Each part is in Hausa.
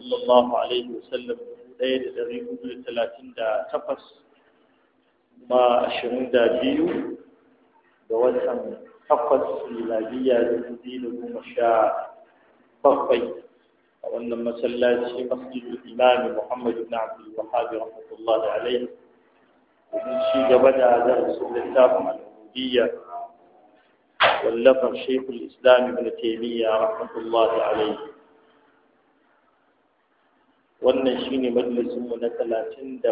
sallallahu alaihi wasallam ɗaya da ɗari hudu da talatin da takwas kuma ashirin da biyu da watan takwas miladiya da biyu da goma sha bakwai a wannan masallaci masjidul imami muhammad ibn abdul wahhab rahmatullahi alaihi domin ci gaba da darasin littafin al'ubudiyya wallafar shaykhul islam ibn taymiya da alaihi wannan shine majalisin mu na 37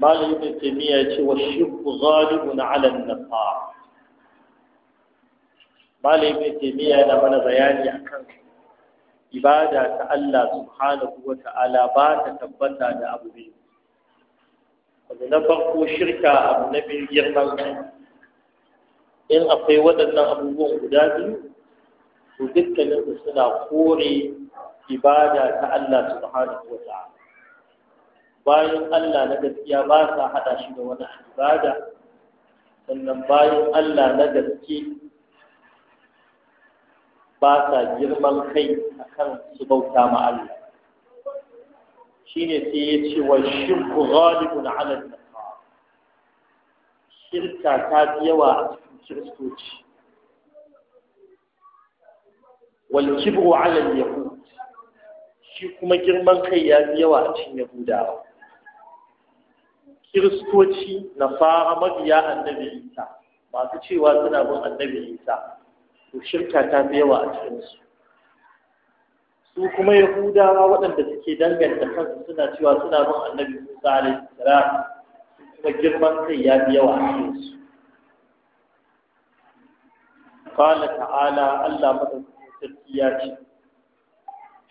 malam ibn taymiya ce wa shirku zalimun na alal nasar malam ibn taymiya yana mana bayani akan ibada ta Allah subhanahu wa ta'ala ba ta tabbata da abu ne. abu na farko shirka abu na biyu girman in akwai waɗannan abubuwan guda biyu to dukkanin su suna kore ibada ta Allah subhanahu wa ta'ala bayan Allah na gaskiya ba sa hada shi da wani ibada sannan bayan Allah na gaske ba sa girman kai akan su bauta ma Allah shine sai ya ce wa shirku ghalibun ala nasara shirka ta fi yawa a cikin kiristoci wal kibru ala al yahud shi kuma girman kai ya fi yawa a cikin yahudawa kiristoci na fara mabiya annabi isa masu cewa suna bin annabi isa to shirka ta fi yawa a cikinsu su kuma yahudawa waɗanda suke danganta kansu suna cewa suna bin annabi musa alaihi salam kuma girman kai ya fi yawa a cikinsu قال ta'ala Allah مدد sarki ya ce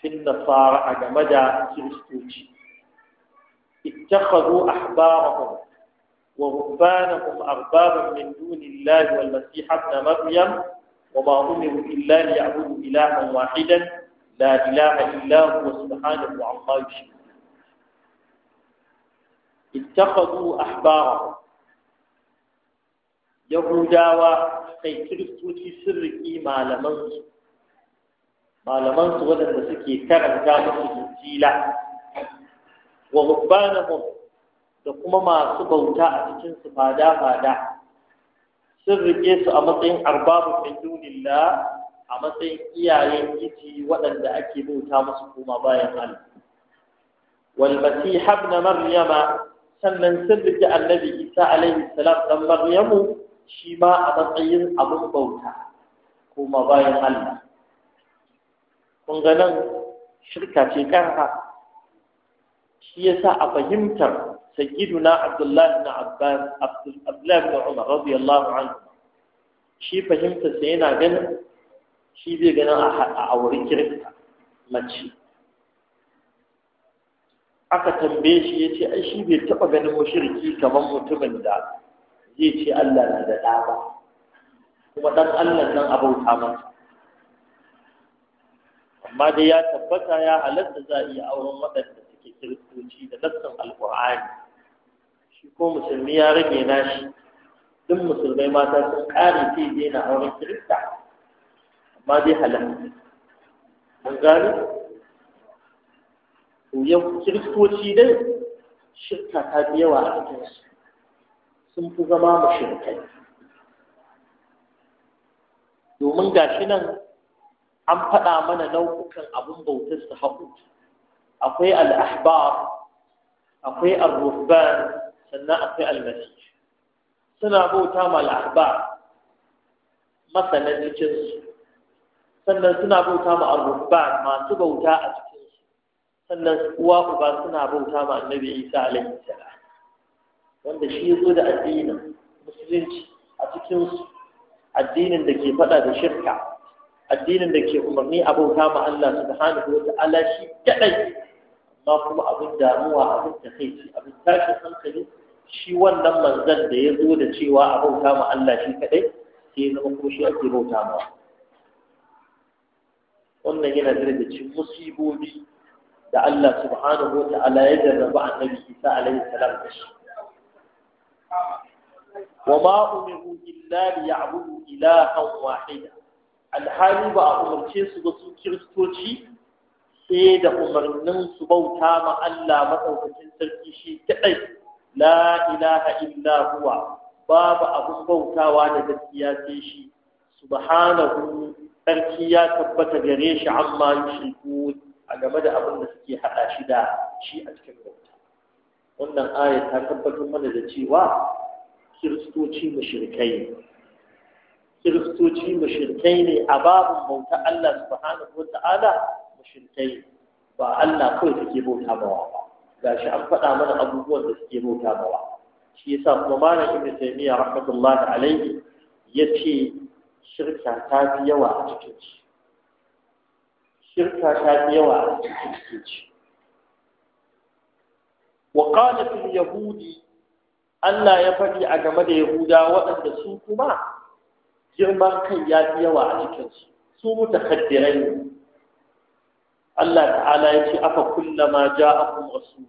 fin nasara a game da kiristoci ittakhadhu ahbarahum wa rubbanahum arbaban min dunillahi wal masih ibn maryam wa ma umiru illa liya'budu ilahan wahidan la ilaha illa huwa subhanahu amma yushrikun ittakhadhu ahbarahum yahudawa kai kiristoci sun riƙi malamansu malaman su waɗanda suke karanta musu injila wa rubbanahum da kuma masu bauta a cikin su fada fada sun rike su a matsayin arbabu min dunillah a matsayin iyayen giji waɗanda ake bauta musu kuma bayan Allah wal masih ibn maryama sannan sun rike annabi isa alaihi salam dan maryamu shi ma a matsayin abun bauta kuma bayan Allah kun ga nan shirka ce ƙarfa shi sa a fahimtar na abdullahi na abdullahi na umar radiyallahu anhu shi fahimtar sa yana ganin shi zai ganin a auri kirka mace aka tambaye shi ya ce ai shi bai taɓa ganin mushriki kamar mutumin da zai ce Allah na da ɗa ba kuma ɗan Allah nan abauta masa amma dai ya tabbata ya halatta za a iya auren waɗanda suke kiristoci da nassan alƙur'ani shi ko musulmi ya rage nashi duk musulmai mata sun ƙare sai na auren kirista amma dai halatta mun gane yan kiristoci dai shirka ta fi yawa a cikinsu sun fi zama mashirkai domin gashi nan an faɗa mana nau'ukan abin bautar su haƙu akwai al'ahbar akwai al-ruhban sannan akwai al-masih suna bauta ma al'ahbar masanan cikinsu sannan suna bauta ma al-ruhban masu bauta a cikinsu sannan uwa uba suna bauta ma annabi isa alaihi salam wanda shi ya zo da addinin musulunci a cikinsu addinin da ke faɗa da shirka addinin da ke umarni abauta ma Allah subhanahu wa ta'ala shi kadai amma kuma abin damuwa abin takeici abin tashin hankali shi wannan manzon da ya zo da cewa abauta ma Allah shi kadai sai zama kuma shi ake bauta ma wannan yana daga cikin musibobi da Allah subhanahu wa ta'ala ya jarraba annabi Isa alaihi salam da shi وما أمروا إلا ليعبدوا إلها واحدا alhali ba a umarce su ba su kiristoci sai da umarnin su bauta ma Allah maɗaukacin sarki shi kaɗai la ilaha illa huwa babu abin bautawa da gaskiya sai shi subhanahu sarki ya tabbata gare shi amma yushriku a game da abin da suke haɗa shi da shi a cikin bauta wannan aya ta tabbatar mana da cewa kiristoci mushrikai kiristoci mashirkai ne a babin bauta Allah subhanahu wa ta'ala mushrikai ba Allah kawai take bauta bawa ba Ga shi an faɗa mana abubuwan da suke bauta bawa shi yasa kuma malam ibnu taymiya rahmatullahi alaihi yace shirka ta fi yawa a cikin shi shirka ta fi yawa a cikin shi wa qalat al yahudi Allah ya faɗi a game da yahuda waɗanda su kuma girman kai ya fi yawa a cikinsu su mutakaddirai ne Allah ta'ala ya ce afa kullama ja'akum rasul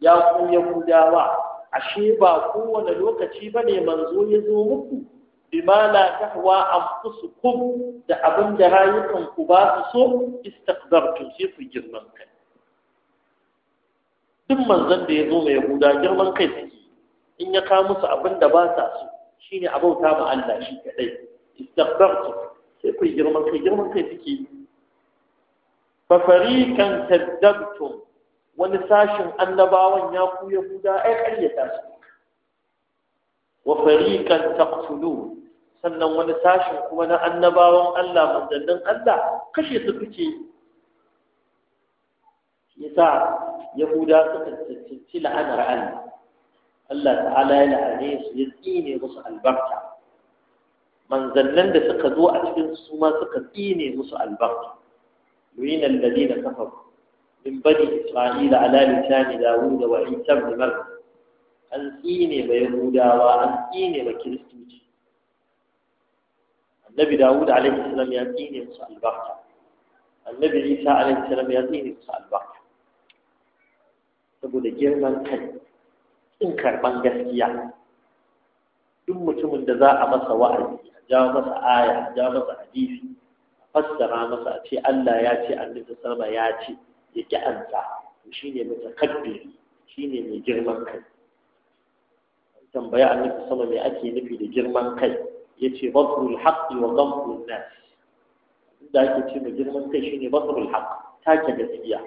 ya ku dawa ashe ba kowane lokaci bane manzo ya zo muku bima la tahwa anfusukum da abin da rayukan ku ba su so istakbartu sai ku girman kai duk manzon da ya zo mai yahuda girman kai suke in ya kawo musu abin da ba sa so ne abauta ma Allah shi kadai istakbartu sai ku girman kai girman kai suke. fa fariqan kadzabtum wani sashin annabawan ya ku yahuda ai ƙaryata su wa fariqan taqtulun sannan wani sashin kuma na annabawan Allah manzannin Allah kashe su kuke yasa yahuda suka cancanci la'anar Allah Allah ta'ala ya la'ane su ya tsine musu albarka manzannin da suka zo a cikin su ma suka tsine musu albarka yuyin alladina kafaru min bani isra'ila ala lisani dawud wa isa ibn maryam an tsine ba yahudawa an tsine ba kiristoci annabi dawud alaihi salam ya tsine musu albarka annabi isa alaihi salam ya tsine musu albarka saboda girman kai in karban gaskiya duk mutumin da za a masa wa'azi a jawo masa aya a jawo masa hadisi a fassara masa a ce Allah ya ce annabi sama ya ce ya ki ansa to mai shi shine mai girman kai tambaya annabi sama me ake nufi da girman kai yace basrul haqqi wa dhamrul nas da ake ce mai girman kai shine basrul haqq take gaskiya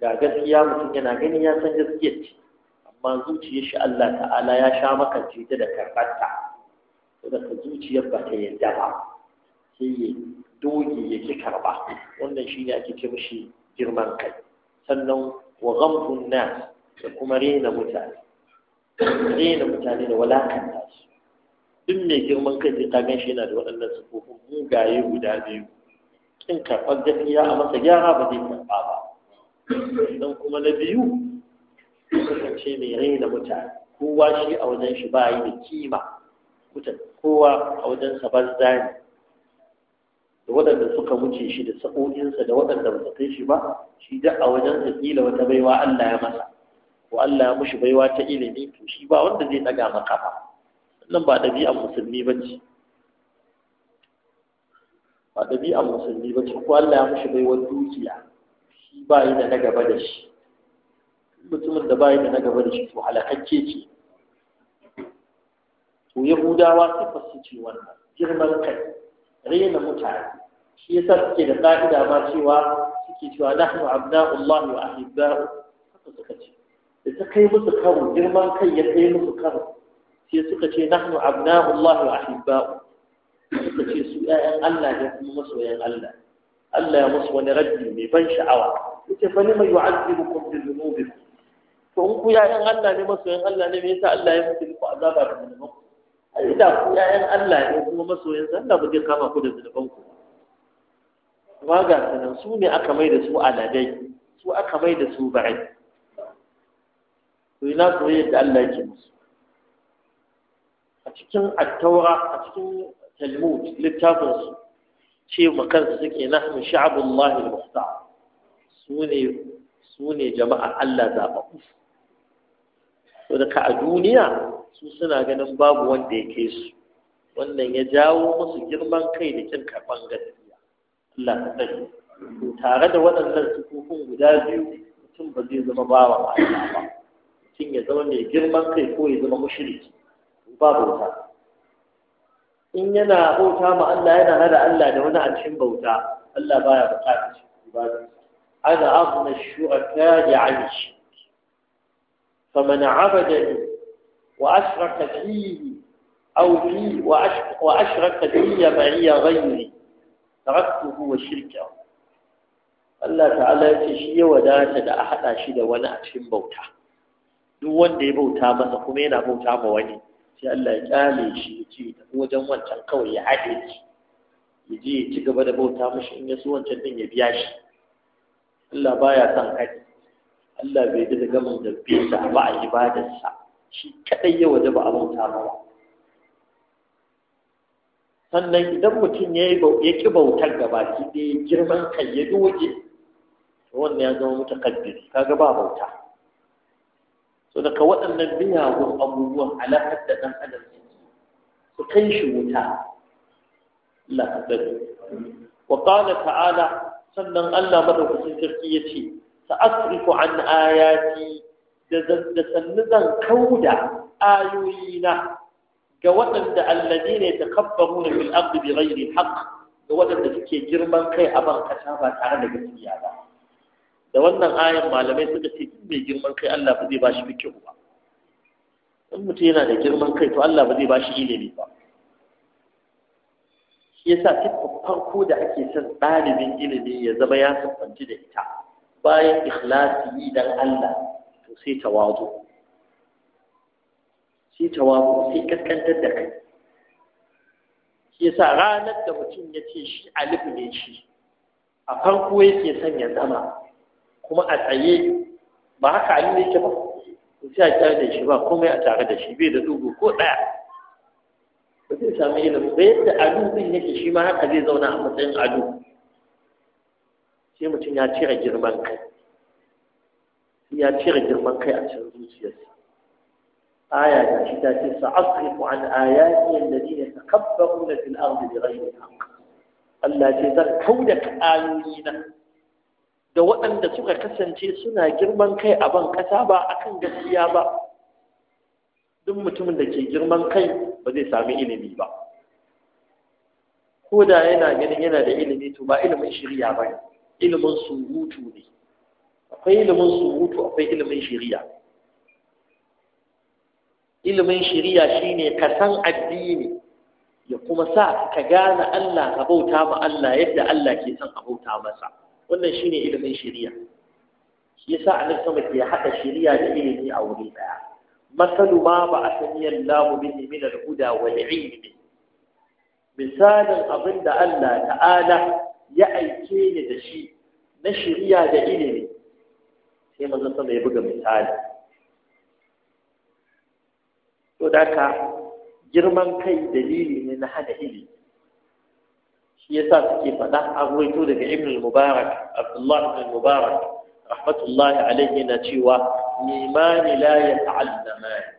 ga gaskiya mutum yana gani ya san gaskiyar ce amma zuciyar shi Allah ta'ala ya sha maka ta da karɓarta da ka zuciyar ba ta yarda ba sai ya doge ya ki karba. wannan shi ne ake ce girman kai sannan wa ghamtun nas da kuma rena mutane rena mutane da walakanta su duk mai girman kai sai ta gan shi yana da waɗannan sufofin mugaye guda biyu kin karɓar gaskiya a masa gyara ba zai karɓa ba dan kuma na biyu suka mai mai raina mutane kowa shi a wajen shi ba yi da kima mutane, kowa a wajen sa banza da waɗanda suka wuce shi da sa'o'insa da waɗanda ba su kai shi ba shi da a wajen sa kila wata baiwa Allah ya masa ko Allah ya mushi baiwa ta ilimi to shi ba wanda zai daga maka ba sannan ba ɗabi'ar musulmi ba ce ba ɗabi'ar musulmi ba ce ko Allah ya mushi baiwar dukiya shi ba yi da na gaba da shi mutumin da bai da na gaba da shi to halakacce ce to yahudawa tabbas su ce wannan girman kai raina mutane shi yasa suke da ka'ida ma cewa suke cewa nahnu abna'ullahi wa ahibba'u haka suka ce da ta kai musu karo girman kai ya kai musu karo sai suka ce nahnu abna'ullahi wa ahibba'u suka ce su ƴaƴan Allah ne kuma masoyan Allah Allah ya musu wani raddi mai ban sha'awa yace fa lima yu'azzibukum bi dhunubikum to in ku ya'yan Allah ne masoyan Allah ne me yasa Allah ya mutu ku azaba da zunuban ku ai da ku ya'yan Allah ne kuma masoyan sa Allah ba zai kama ku da zunuban ku ba ga sanan su ne aka mai da su aladai su aka mai da su ba'i to ina soyayyar yadda Allah yake musu a cikin attaura a cikin talmud littafin su ce makansu suke nahnu sha'abullahi al-muhtar su ne su ne jama'a Allah zaɓaɓɓu to ka a duniya su suna ganin babu wanda ya ke su wannan ya jawo musu girman kai da kin karɓan gaskiya Allah ta tsare tare da waɗannan sufufin guda biyu mutum ba zai zama bawa a ba mutum ya zama mai girman kai ko ya zama mushriki ba bauta in yana bauta ma Allah yana hada Allah da wani a cikin bauta Allah baya bukatar shi ba ana azna shu'aka ya shi فمن عبدني وأشرك فيه أو في وأشرك في معي غيري تركته وشركه Allah ta'ala ya ce shi ya wadata da a haɗa shi da wani a cikin bauta duk wanda ya bauta masa kuma yana bauta ma wani sai Allah ya kyale shi ya ce wajen wancan kawai ya haɗe shi ya ya ci gaba da bauta mashi in ya so wancan din ya biya shi Allah baya son haɗi Allah bai da gamin da bisa ba a ibadarsa shi kadai ya waje ba abin ta ba sannan idan mutum ya ƙi bautar gaba ki ya girman kai ya doge wannan ya zama mutakabbiri kaga ba bauta so daga waɗannan biyagun abubuwan alaƙar da ɗan adam su kai shi wuta Allah ka tsare wa qala ta'ala sannan Allah madaukakin sarki ya ce sa'asrifu an ayati da sannu zan kauda ayoyina ga waɗanda ta alladina yatakabbaruna fil ardi bighayri haqq da waɗanda suke girman kai a ban kasa ba tare da gaskiya ba da wannan ayan malamai suka ce duk mai girman kai Allah ba zai ba shi fikihu ba in mutum yana da girman kai to Allah ba zai ba shi ilimi ba shi yasa tun farko da ake son ɗalibin ilimi ya zama ya siffanci da ita bayan ikhlasi idan Allah to sai tawazu sai tawazu sai kaskantar da kai shi yasa ranar da mutum ya ce shi alif ne shi a farko yake son ya zama kuma a tsaye ba haka alif yake ba sai a tare da shi ba komai a tare da shi bai da dubu ko ɗaya ba zai sami ilimi ba yadda alu din yake shi ma haka zai zauna a matsayin alu sai mutum ya cire girman kai ya cire girman kai a cikin zuciyarsa aya da shi ta ce asrifu an ayati alladhina takabbaruna fil ardi bighayri haqq Allah ce zan kauda kayoyi na da waɗanda suka kasance suna girman kai a ban ƙasa ba akan gaskiya ba duk mutumin da ke girman kai ba zai sami ilimi ba ko da yana ganin yana da ilimi to ba ilimin shirya ba ne ilimin surutu ne akwai ilimin surutu akwai ilimin shari'a ilimin shari'a shine ka san addini ya kuma sa ka gane Allah ka bauta ma Allah yadda Allah ke son a bauta masa wannan shine ilimin shari'a shi yasa annabi sama ke haɗa shari'a da ilimi a wuri ɗaya, masalu ma ba a sani Allah bihi min al-huda wal ilmi misalin abinda Allah ta'ala ya aike ni da shi na shiriya da ilimi sai manzon sama ya buga misali to da ka girman kai dalili ne na hada ilimi shi yasa suke faɗa a ruwaito daga ibn mubarak abdullah ibn mubarak rahmatullahi alaihi yana cewa nimani la yata'allamani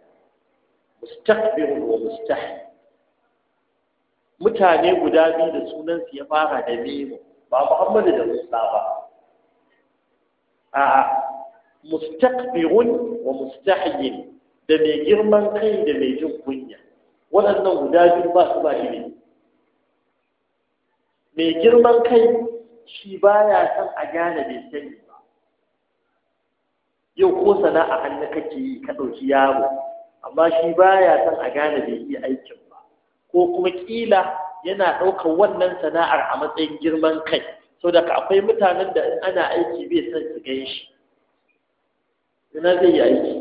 mustaqbirun wa mustahil mutane guda biyu da sunansu ya fara da mimu ba muhammadu da musa ba a mustaqbirun wa mustahiyin da mai girman kai da mai jin kunya waɗannan guda biyu ba su ba ne mai girman kai shi baya san a gane bai sani ba yau ko sana'a hannu kake yi ka ɗauki yaro amma shi baya san a gane bai yi aikin ko kuma kila yana ɗaukar wannan sana'ar a matsayin girman kai saboda akwai mutanen da in ana aiki bai son su gan shi ina zai yi aiki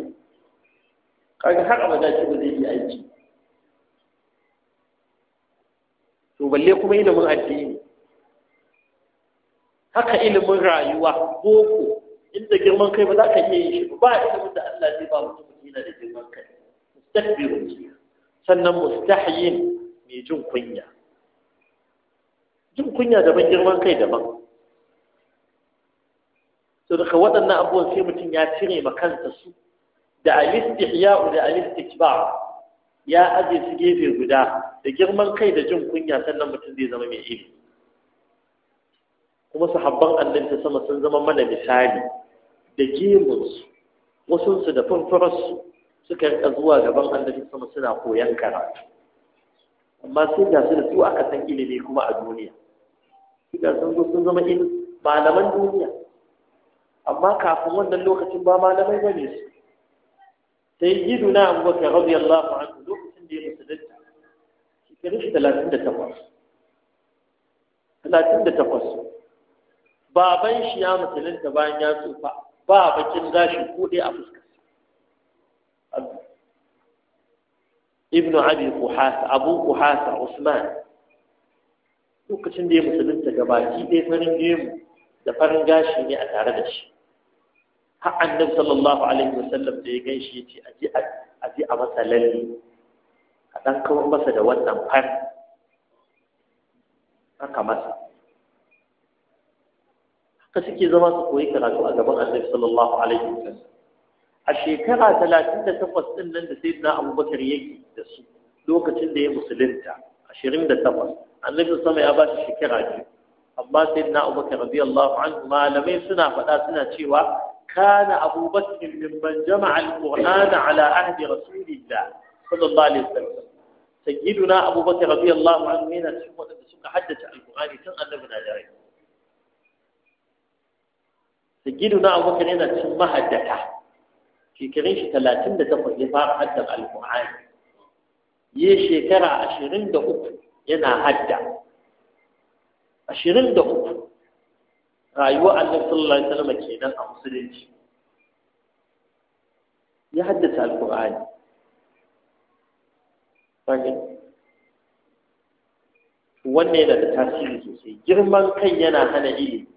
kaga har abada shi ba zai yi aiki to balle kuma ilimin addini haka ilimin rayuwa boko inda girman kai ba za ka iya yin shi ba ilimin da Allah zai ba mutum yana da girman kai mustakbiru sannan mustahiyin mai jin kunya jin kunya daban girman kai daban to daga waɗannan abubuwan sai mutum ya cire ma kansa su da alistihya'u da ba ya aje su gefe guda da girman kai da jin kunya sannan mutum zai zama mai ilimi kuma sahabban ta sama sun zama mana misali da gemunsu wasunsu da furfurarsu suka rika zuwa gaban annabi sama suna koyan karatu amma sai da su da su aka san ilimi kuma a duniya ga sun zo sun zama ilimi malaman duniya amma kafin wannan lokacin ba malamai ba ne su sai gidu na abubakar radiyallahu anhu lokacin da ya musulunta shekarun shi talatin da takwas talatin da takwas baban shi ya musulunta bayan ya tsufa ba bakin gashi kuɗe a fuskar ibnu abi kuhasa abu kuhasa usman lokacin da ya musulunta gabaki ɗaya farin gemu da farin gashi ne a tare da shi har annabi sallallahu alaihi wasallam da ya ganshi ya ce a ji a ji a masa lalle a ɗan kawar masa da wannan far aka masa haka suke zama su koyi karatu a gaban annabi sallallahu alaihi wasallam a shekara talatin da takwas ɗin nan da sai na abubakar yake da su lokacin da ya musulunta ashirin da takwas annabi sama ya ba shi shekara biyu amma sai na abubakar radiyallahu anhu malamai suna faɗa suna cewa kana abubakar min ban jama'a al-kur'an alqur'ana ala ahdi rasulillah sallallahu alaihi wasallam sayyiduna abubakar radiyallahu anhu yana cikin waɗanda suka haddace alqur'ani tun annabi na da rai sayyiduna abubakar yana cikin mahaddata shekarun shi talatin da takwas ya fara haddar alƙur'ani ya shekara ashirin da uku yana hadda ashirin da uku rayuwar annabi sallallahu alaihi wasallam kenan a musulunci ya haddasa alƙur'ani wannan yana da tasiri sosai girman kai yana hana ilimi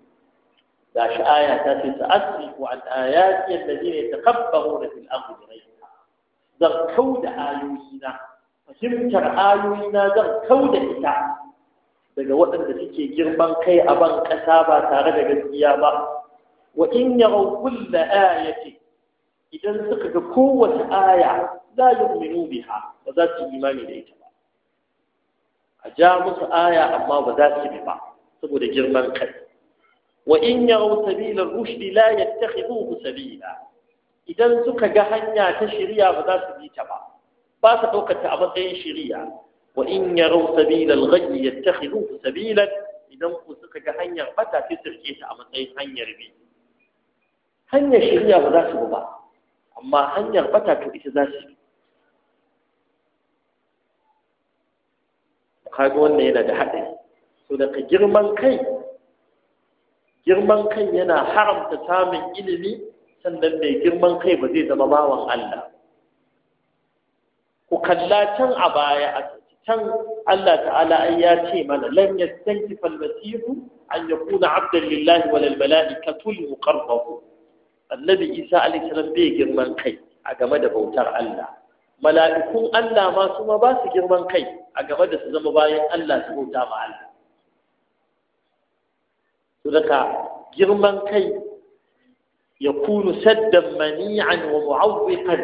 gashi aya ta ce ta'asrifu an ayati alladhina yatakabbaruna fil da bighayriha zan kauda ayoyina fahimtar ayoyina zan kauda ita daga waɗanda suke girman kai a ban ba tare da gaskiya ba wa in yarau kulla ayati idan suka ga kowace aya la yu'minu biha ba za su imani da ita ba a ja musu aya amma ba za su bi ba saboda girman kai wa in yaraw sabila rushdi la yattakhiduhu sabila idan suka ga hanya ta shirya ba za su bi ta ba ba su ɗaukata a matsayin shirya. wa in yaraw sabila al-ghayy yattakhiduhu sabila idan ku suka ga hanyar bata sai su rike ta a matsayin hanyar bi hanyar shirya ba za su bi ba amma hanyar bata to ita za su bi kaga wannan yana da haɗari so daga girman kai girman kai yana haramta samun ilimi sannan mai girman kai ba zai zama bawan Allah ku kalla can a baya a can Allah ta'ala ai ya ce mana lam yastankifa al-masihu an yakuna 'abdan lillahi wal mala'ikatu muqarrabu annabi Isa alayhi salam bai girman kai a game da bautar Allah mala'ikun Allah ma su ma ba su girman kai a game da su zama bayan Allah su bauta ma Allah daga girman kai ya kunu saddan mani'an wa mu'awwiqan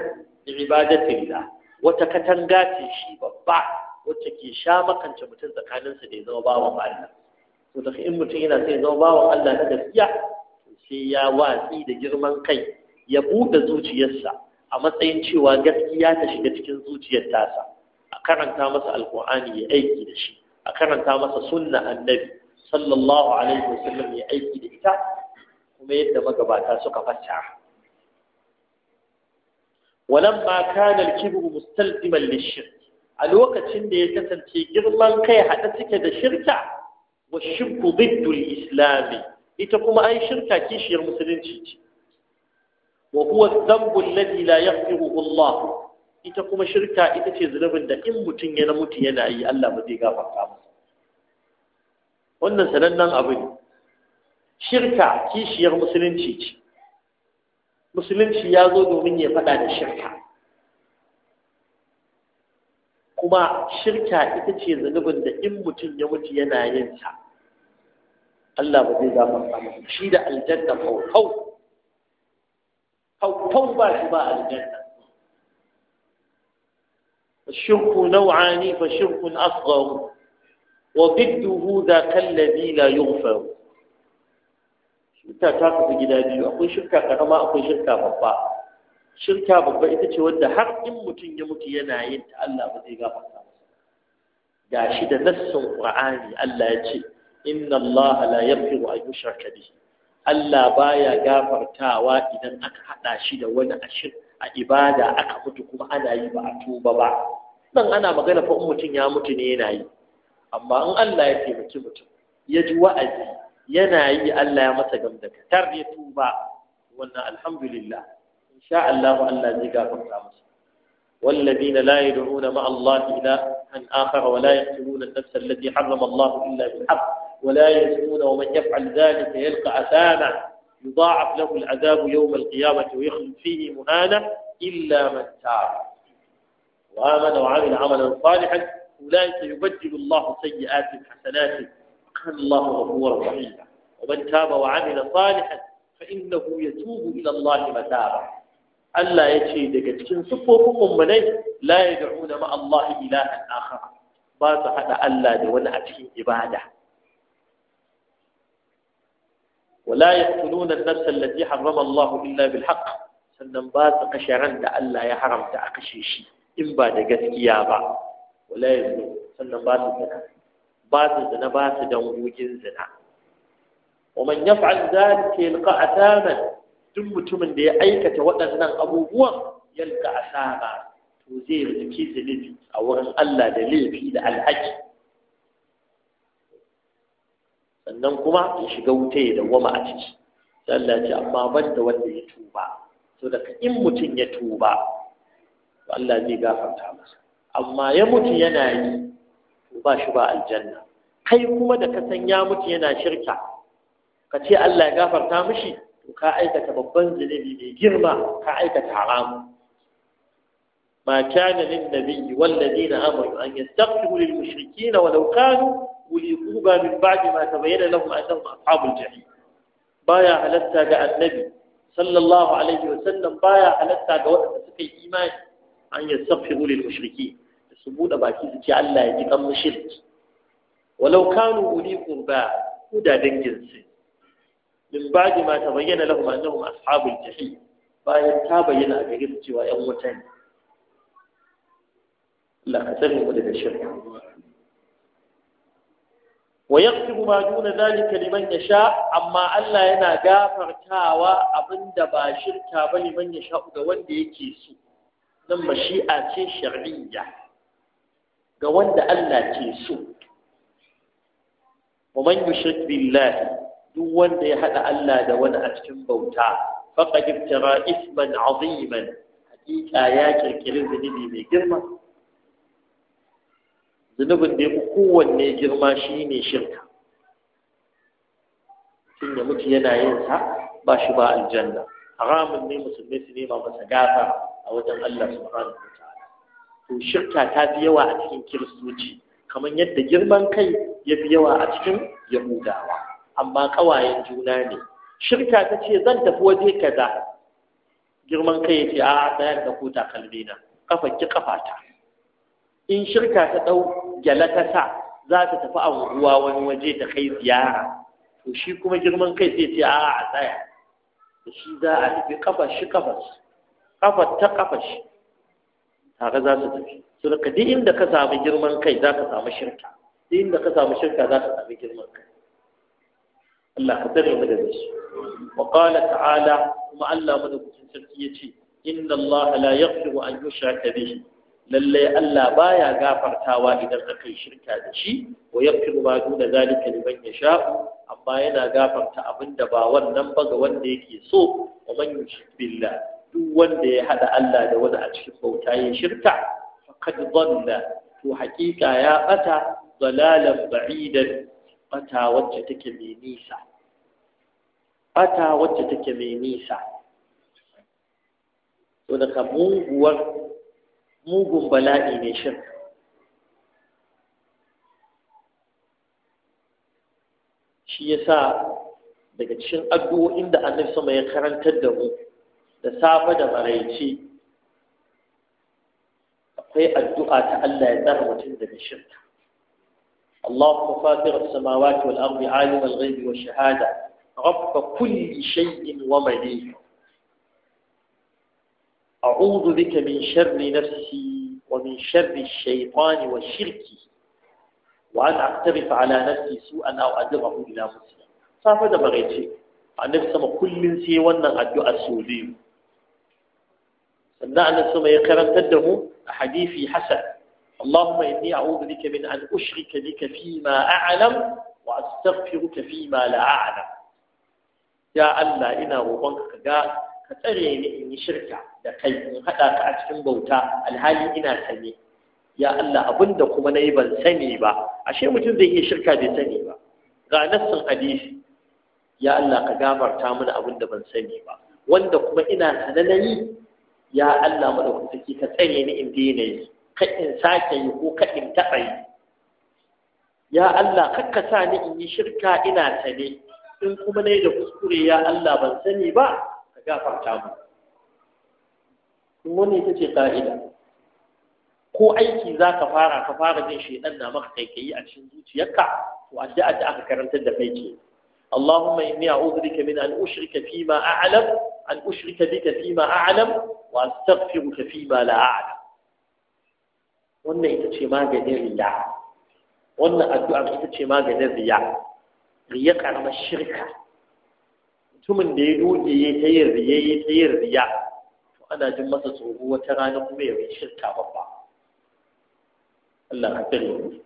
li ibadatillah wata katanga ce shi babba wacce ke sha makance mutum tsakaninsa da ya zama bawan Allah to daga in mutum yana sai zama bawan Allah na gaskiya sai ya watsi da girman kai ya buɗe zuciyarsa a matsayin cewa gaskiya ta shiga cikin zuciyar tasa a karanta masa alkur'ani ya aiki da shi a karanta masa sunna annabi sallallahu alaihi wasallam ya aiki da ita kuma yadda magabata suka fassara walamma kana al-kibru mustalziman lish-shirk a lokacin da ya kasance girman kai hada take da shirka wa shirku diddu al-islami ita kuma ai shirka kishiyar musulunci ce wa huwa dhanbu alladhi la yaghfiruhu Allah ita kuma shirka ita ce zunubin da in mutun ya mutu yana yi Allah ba zai gafarta masa wannan sanannen abu ne shirka kishiyar musulunci ce musulunci ya zo domin ya faɗa da shirka kuma shirka ita ce zunubin da in mutum ya mutu yana yin sa Allah ba zai gafarta masa shi da aljanna faufau faufau ba shi ba aljanna nau'ani fa فشرك أصغر وضده ذاك الذي لا يغفر shirka ta kasu gida biyu akwai shirka karama akwai shirka babba shirka babba ita ce wadda har in mutum ya mutu yana yin ta Allah ba zai gafarta masa shi da nassin Qur'ani Allah ya ce inna Allah la yaghfiru an yushraka bihi Allah baya gafartawa idan aka hada shi da wani ashir a ibada aka mutu kuma ana yi ba a tuba ba nan ana magana fa in mutum ya mutu ne yana yi amma in Allah ya taimaki mutum ya ji wa'azi yana yi Allah ya masa gamdakatar ya tuba wannan alhamdulillah insha Allah Allah zai gafarta masa والذين لا يدعون مع الله إلها آخر ولا يقتلون النفس التي حرم الله إلا بالحق ولا يزنون ومن يفعل ذلك يلقى أثاما يضاعف له العذاب يوم القيامة ويخلد فيه مهانا إلا من تاب وآمن وعمل عملا صالحا أولئك يبدل الله سيئات حسنات وكان الله غفورا رحيما ومن تاب وعمل صالحا فإنه يتوب إلى الله متابا ألا يجي دقتكم صفوكم مني لا يدعون مع الله إلها آخر بات هذا ألا دون أتكين إبادة ولا يقتلون النفس التي حرم الله إلا بالحق سنن بات su ألا يحرم تأقشيشي إن بات haramta wala yanzu sannan ba su zina ba su zina ba su dangogin zina wa man yaf'al zalika yalqa athaman duk mutumin da ya aikata waɗannan abubuwan yalqa asaba to zai rubuci zunubi a wurin Allah da laifi da alhaki sannan kuma ya shiga wuta ya dawwama a ciki Allah ya ce amma ban da wanda ya tuba so daga in mutum ya tuba to Allah zai gafarta masa amma ya mutu yana yi ba shi ba aljanna kai kuma da ka san ya mutu yana shirka ka ce Allah ya gafarta mishi to ka aikata babban zunubi mai girma ka aikata haramu ma kana lin nabiyyi wal ladina amanu an yastaghfiru lil mushrikeen walau kanu uli quba min ba'di ma tabayyana lahum annahum ashabul jahim baya halatta ga annabi sallallahu alaihi wasallam baya halatta ga waɗanda suka yi imani an yastaghfiru lil mushriki su buɗe baki su ce Allah ya ji kan mushriki walau kanu uli qurba ko da dangin su min ba'di ma tabayyana lahum annahum ashabul jahim bayan ta bayyana a gare su cewa ƴan wuta ne Allah ka tsare mu daga shirka wa yaghfiru ma duna zalika liman yasha amma Allah yana gafartawa abinda ba shirka bane man yasha ga wanda yake so nan mashi'a ce shar'iyya ga wanda Allah ke so wa man yushrik billahi duk wanda ya hada Allah da wani a cikin bauta faqad iftara isman aziman hakika ya kirkiri zunubi mai girma zunubin da ya kowanne girma shine shirka tun da mutu yana yin sa ba shi ba aljanna haramun ne musulmi su nema masa gafa a wajen Allah subhanahu wa to shirka ta fi yawa a cikin kiristoci kamar yadda girman kai ya fi yawa a cikin yahudawa amma ƙawayen juna ne shirka ta ce zan tafi waje kaza girman kai ya ce a tsayar da ko kalbi na ki kafata in shirka ta ɗau gyala ta sa za ta tafi unguwa wani waje ta kai ziyara to shi kuma girman kai sai ce a a tsaya da shi za a tafi kafar shi kafar kafar ta kafar shi tare za su tafi so daga duk inda ka samu girman kai za ka samu shirka duk inda ka samu shirka za ka samu girman kai Allah ka tsare mu da shi wa qala ta'ala kuma Allah madaukakin sarki yace inna Allah la yaghfiru an yushraka bihi lallai Allah baya gafartawa idan aka yi shirka da shi wa da ma duna zalika liman sha. amma yana gafarta abinda ba wannan ba ga wanda yake so wa man yushrik billah duk wanda ya hada Allah da wani a cikin bauta ya shirka faqad dhalla to hakika ya bata dalalan ba'idan bata wacce take mai nisa bata wacce take mai nisa to daga mugun bala'i ne shirka shi sa daga cikin addu'o'in da annabi sama ya karantar da mu da safe da maraice akwai addu'a ta Allah ya tsara mutum daga shirka ta فاطر السماوات والأرض عالم الغيب والشهادة رب كل شيء ومليكه أعوذ بك من شر نفسي ومن شر الشيطان والشرك وأن أقترف على نفسي سوءا أو أدره إلى مسلم صافي ده بغيتي النبي صلى كل سي وانا الدعاء سودي سنة أن سما يقرن تده حديثي حسن اللهم إني أعوذ بك من أن أشرك بك فيما أعلم وأستغفرك فيما لا أعلم يا الله إنا روحك ka tsare ni in yi shirka da kai in haɗa ka a cikin bauta alhali ina sani ya Allah abin da kuma na yi ban sani ba ashe mutum zai iya shirka bai sani ba ga nassin hadisi ya Allah ka gafarta mana abin da ban sani ba wanda kuma ina sana na yi ya Allah madaukaki ka tsare ni in daina yi ka in sake yi ko ka in taɓa yi ya Allah kakka sa ni in yi shirka ina sane in kuma na yi da kuskure ya Allah ban sani ba gafarta mu wannan ita ce ka'ida ko aiki za ka fara ka fara jin shaidan na maka kaikayi a cikin zuciyarka to addu'a da aka karanta da kai ce اللهم إني أعوذ بك من أن أشرك فيما أعلم أن أشرك بك فيما أعلم وأستغفرك فيما لا أعلم wannan ita ce maganin riya wannan addu'ar ita ce maganin riya riya karamar shirka mutumin da ya doge ya ta yarda ya ya ta yarda to ana jin masa tsoro wata rana kuma ya bai shirka babba Allah ne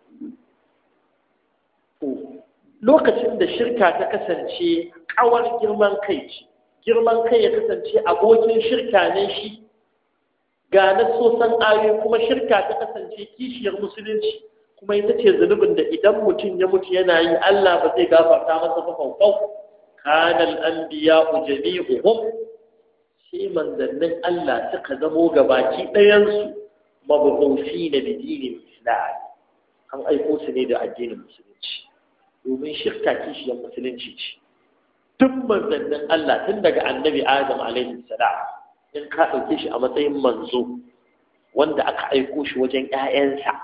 to lokacin da shirka ta kasance kawar girman kai ce girman kai ya kasance abokin shirka ne shi ga san ayoyi kuma shirka ta kasance kishiyar musulunci kuma ita ce zunubin da idan mutum ya mutu yana yi Allah ba zai gafarta masa ba kwakwau kana anbiya anbiyau jami'uhum shi manzannin Allah suka zamo gabaki ɗayan su mabuhufi na dinin islam an aiko su ne da addinin musulunci domin shirka kishiyar musulunci ce duk manzannin Allah tun daga annabi Adam alaihi salam in ka ɗauke shi a matsayin manzo wanda aka aiko shi wajen ‘ya'yansa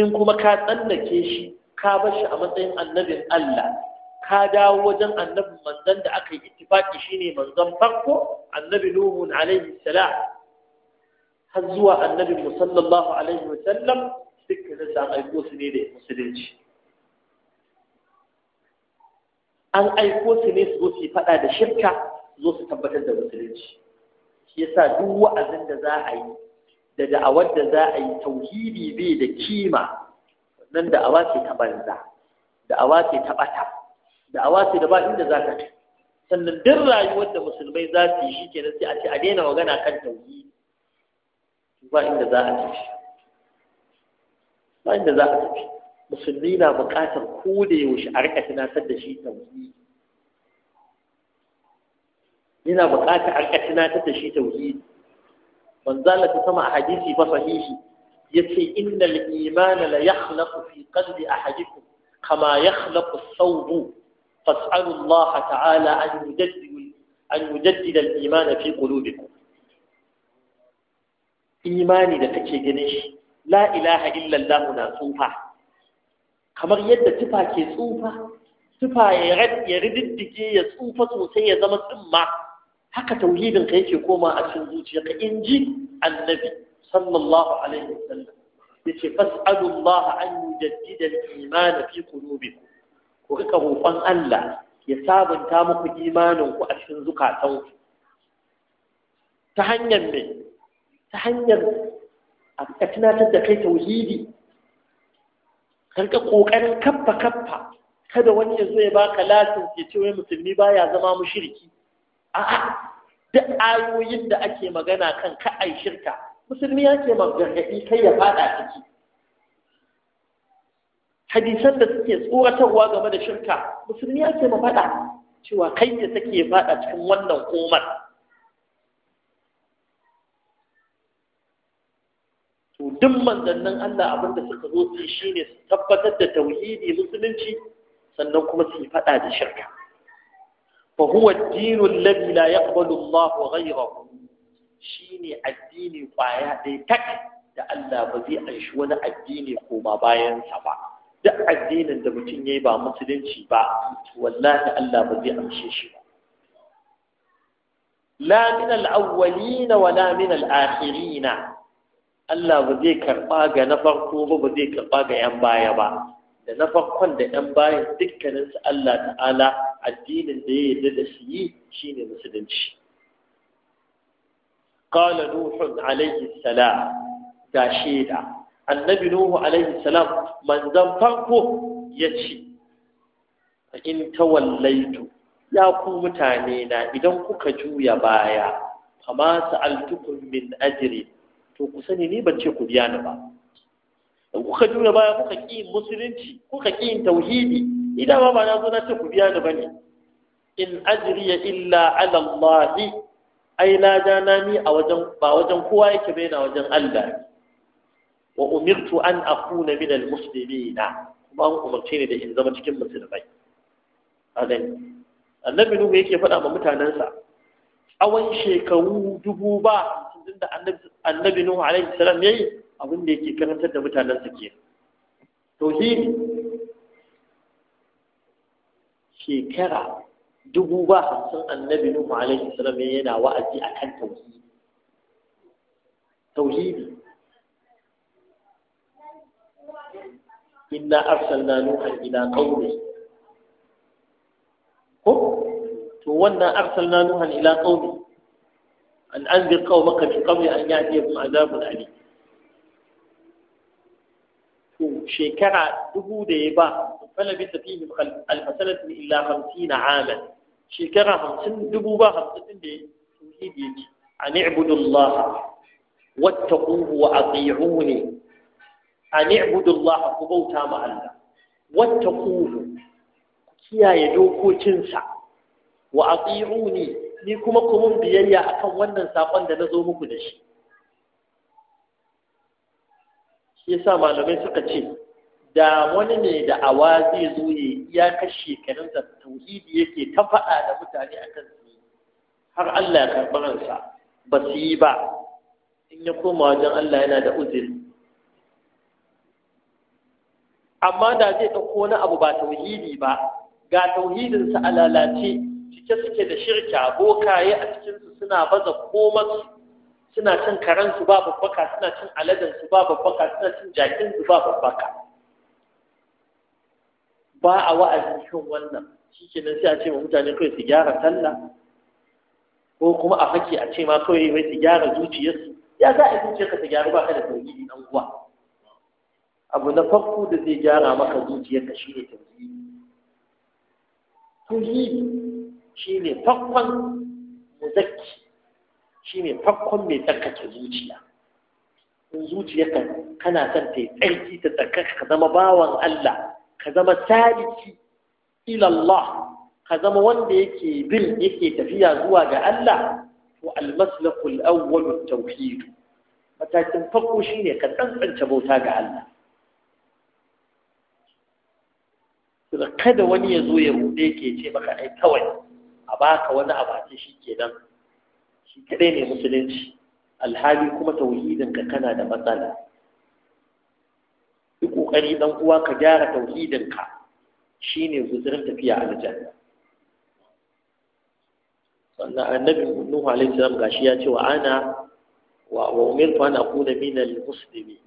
in kuma ka tsallake shi ka bar shi a matsayin annabin Allah ka dawo wajen annabin manzan da aka yi ittifaki shine manzan farko annabi nuhun alaihi salam har zuwa annabi musallallahu alaihi wa sallam dukkanin an aiko su ne da musulunci an aiko su ne su zo su fada da shirka zo su tabbatar da musulunci shi yasa duk wa'azin da za a yi da da'awar da za a yi tauhidi bai da kima nan da'awa ce ta banza da'awa ce ta bata awa ce da ba inda za ka sannan duk rayuwar da musulmai za su yi shi ke sai a ce a daina magana kan ta'uhi? ba inda za a tafi ba inda za a tafi musulmi na buƙatar ko da yaushe a rika tunatar da shi ta'uhi. yana buƙatar a rika tunatar da shi ta'uhi. manzala ta sama a hadisi ba sahihi yace innal iman la yakhlaqu fi qalbi ahadikum kama yakhlaqu as-sawbu فاسألوا الله تعالى أن يجدد أن يجدد الإيمان في قلوبكم إيماني da kake ganin shi la ilaha illa Allah na tsufa kamar yadda tufa ke tsufa tufa ya riddige ya tsufa sosai ya zama tsimma haka tauhidin ka yake koma a cikin zuciyarka in ji annabi sallallahu alaihi wasallam yace fas'alu Allah an yujaddida al-iman fi qulubikum ku rika roƙon Allah ya sabunta muku imanin ku a cikin zukatan ku ta hanyar me ta hanyar a tunatar da kai tauhidi karka kokarin kaffa kaffa kada wani ya zo ya baka latin ke ce wai musulmi baya zama mushriki a'a duk ayoyin da ake magana kan ka ai shirka musulmi yake gargaɗi kai ya fada ciki hadisan da suke tsoratarwa game da shirka musulmi ya ce faɗa cewa kai ne take faɗa cikin wannan komar to duk manzannin Allah abin da suka zo su shine su tabbatar da tauhidi musulunci sannan kuma su yi faɗa da shirka fa huwa ad-dinu alladhi la yaqbalu Allahu ghayrahu shine addini kwaya ɗaya tak da Allah ba zai anshi wani addini koma bayan sa ba duk addinin da mutum ya yi ba musulunci ba wallahi Allah ba zai amshe shi ba la min al-awwalina wa la min al Allah ba zai karba ga na farko ba ba zai karba ga yan baya ba da na farkon da yan bayan dukkanin su Allah ta'ala addinin da ya yarda da shi shine musulunci Kala nuh alayhi salam ga shaida annabi nuhu alaihi salam manzan farko ya ce in tawallaitu ya ku mutane na idan kuka juya baya fama sa'altukum min ajri to ku sani ni ban ce ku biya ni ba Idan kuka juya baya kuka ƙi musulunci kuka ƙi tauhidi idan ma ba na zo na ce ku biya ni bane in ajriya illa ala Allah ai na ni a wajen ba wajen kowa yake bai na wajen Allah wa umirtu an akuna min al-muslimina kuma an umarce ni da in zama cikin musulmai azan annabi nuhu yake faɗa ma mutanansa tsawon shekaru dubu ba tun da annabi nuhu alaihi salam yayi abin da yake karantar da mutanansa ke tauhidi shekara dubu ba hamsin annabi nuhu alaihi salam yana wa'azi akan tauhidi tauhidi inna arsalna nuhan ila qaumi ko to wannan arsalna nuhan ila qaumi an anzir qaumaka min qabli an ya'tiyahum azabun alim to shekara dubu da ya ba falabi tafihim alfasalat illa 50 aman shekara 50 dubu ba 50 da tauhidi yake an ibudu Allah wattaquhu wa ati'uni an AbudulLah ku bauta ma Allah wattaquhu ku kiyaye dokokinsa wa ati'uni ni kuma ku mun biyayya akan wannan sakon da nazo muku da shi yasa malamai suka ce da wani ne da awa zai zo ya kashe kanin da tauhidi yake ta faɗa da mutane akan su har Allah ya karɓi ransa ba su yi ba in ya koma wajen Allah yana da uzuri amma da zai ɗauko wani abu ba tauhidi ba ga tauhidinsa a lalace cike suke da shirka bokaye a cikinsu suna baza komarsu suna cin karensu ba babbaka suna cin aladansu ba babbaka suna cin jakinsu ba babbaka ba a wa'azin kan wannan shi ke nan sai a ce ma mutane kawai su gyara sallah ko kuma a fake a ce ma kawai mai su gyara zuciyarsu ya za a zuciyarka ta gyaru ba ka da tauhidi nan uwa abu na farko da zai gyara maka zuciyarka ka shine tauhidi tauhidi shi ne farkon muzakki shi ne farkon mai tsarkake zuciya in zuciyarka kana son ta yi tsarki ta tsarkaka ka zama bawan Allah ka zama sadiki ilallah ka zama wanda yake bin yake tafiya zuwa ga Allah to almaslakul awwal tauhid matakin farko shine ka tsantsance bauta ga Allah saboda kada wani ya zo ya rube ke ce maka ai kawai a baka wani abace shi kenan shi kadai ne musulunci alhali kuma tauhidin ka kana da matsala yi kokari dan uwa ka gyara tauhidin ka shine guzurin tafiya aljanna sannan annabi nuhu alaihi salam gashi ya ce wa ana wa umirtu an minal muslimin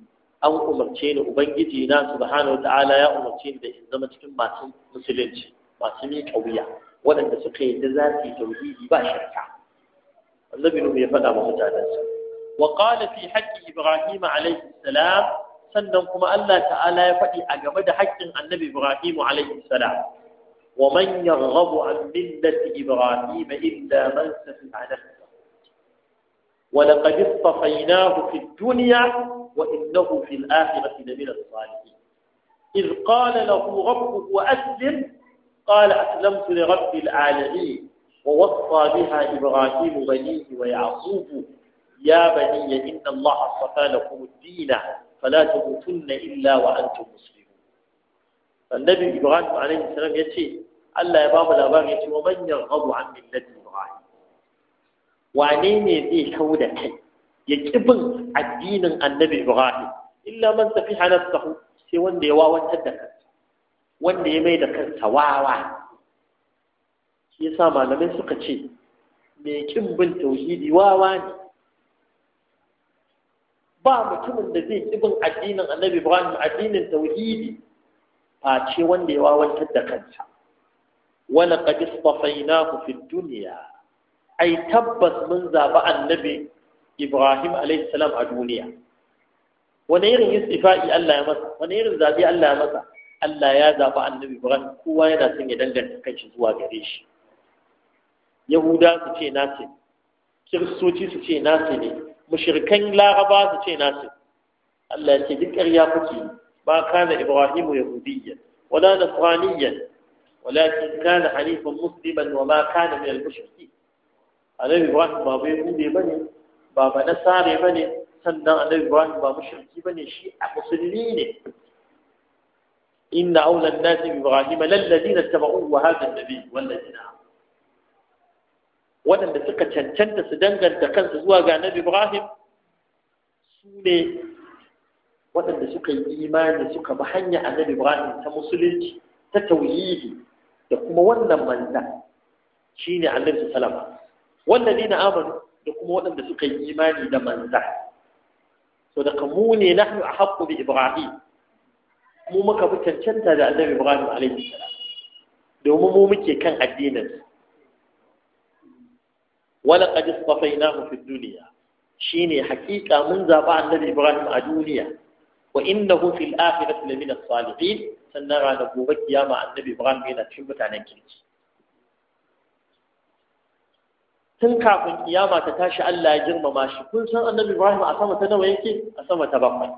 an umarce ni ubangiji na subhanahu ta'ala ya umarce ni da in zama cikin masu musulunci masu miƙa wuya waɗanda suka yi da za su yi tauhidi ba shirka annabi nuhu ya faɗa wa mutanensa wa qala fi haqqi ibrahim alayhi salam sannan kuma Allah ta'ala ya faɗi a game da haƙƙin annabi ibrahim alayhi salam wa man yarghabu an millati ibrahim illa man safiha nafsahu ولقد اصطفيناه fi الدنيا وإنه في الآخرة لمن الصالحين إذ قال له ربه وأسلم قال أسلمت لرب العالمين ووصى بها إبراهيم بنيه ويعقوب يا بني إن الله اصطفى لكم الدين فلا تموتن إلا وأنتم مسلمون فالنبي إبراهيم عليه السلام يأتي ألا يا بابا الأبار يأتي ومن يرغب عن ملة إبراهيم وعنيني ذي الحج ya kibin addinin annabi ibrahim illa man safiha nafsahu sai wanda ya wawantar da kansa wanda ya mai da kansa wawa shi yasa malamai suka ce mai kin bin tauhidi wawa ne ba mutumin da zai ki bin addinin annabi ibrahim addinin tauhidi a ce wanda ya wawantar da kansa wala qad istafainahu fid dunya ai tabbas mun zaba annabi Ibrahim alaihi salam a duniya wani irin istifa'i Allah ya masa wani irin zabi Allah ya masa Allah ya zaba annabi Ibrahim kowa yana son ya danganta kanshi zuwa gare shi Yahuda su ce na ce Kiristoci su ce na ce ne mushrikan Laraba su ce na ce Allah ya ce duk ƙarya kuke ba ka kana Ibrahim yahudiyyan wala Wala nasraniyyan ولكن كان حنيفا ba ka كان من المشركين annabi ibrahim ba bai ba ne. ba ba na sare ba ne sannan annabi ibrahim ba mushriki ba ne shi a musulmi ne inna aula an-nas bi ibrahim lalladina tabauhu wa hadha an-nabi walladina waɗanda suka cancanta su danganta kansu zuwa ga annabi ibrahim su ne waɗanda suka yi imani suka bi hanya annabi ibrahim ta musulunci ta tauhidi da kuma wannan manza shine annabi sallama wallazina amanu da kuma waɗanda suka yi imani da manza so da kamu ne nahnu a bi ibrahim mu muka fi cancanta da annabi ibrahim alaihi salam domin mu muke kan addinin wala qad istafainahu fi dunya shine hakika mun zaba annabi ibrahim a duniya wa innahu fil akhirati lamina as-salihin sannan ranar gobe kiyama annabi ibrahim yana cikin mutanen kirki tun kafin kiyama ta tashi Allah ya girmama shi kun san annabi Ibrahim a sama ta nawa yake a sama ta bakwai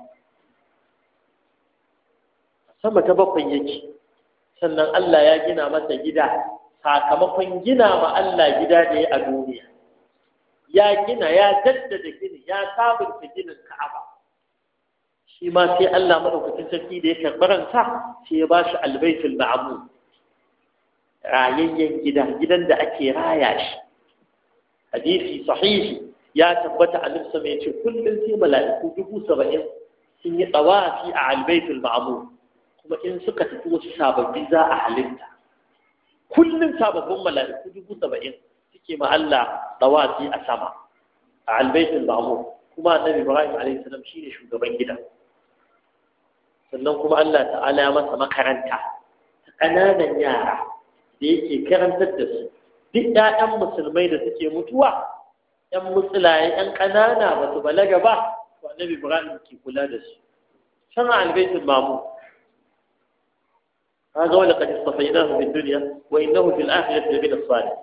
sama ta bakwai yake sannan Allah ya gina masa gida sakamakon gina ma Allah gida da ya a duniya ya gina ya jaddada gini ya sabunta ginin Ka'aba shi ma sai Allah madaukakin sarki da ya sa sai ya ba bashi albaitul ma'mur rayayyen gida gidan da ake raya shi hadisi sahihi ya tabbata a nufsa mai ce kullum sai mala'iku dubu saba'in sun yi tsawafi a albaitul ma'amur kuma in suka tafi wasu sababbi za a halitta kullum sababbin mala'iku dubu saba'in suke ma Allah tsawafi a sama a albaitul ma'amur kuma annabi ibrahim alaihi salam shine shugaban gida sannan kuma Allah ta'ala ya masa makaranta ta ƙananan yara da yake karantar da su duk ƴaƴan musulmai da suke mutuwa 'yan mutsulaye 'yan ƙanana ba su balaga ba to annabi ibrahim ke kula da su can albaitul mamu هذا ولقد اصطفيناه في الدنيا وإنه في الآخرة لمن الصالحين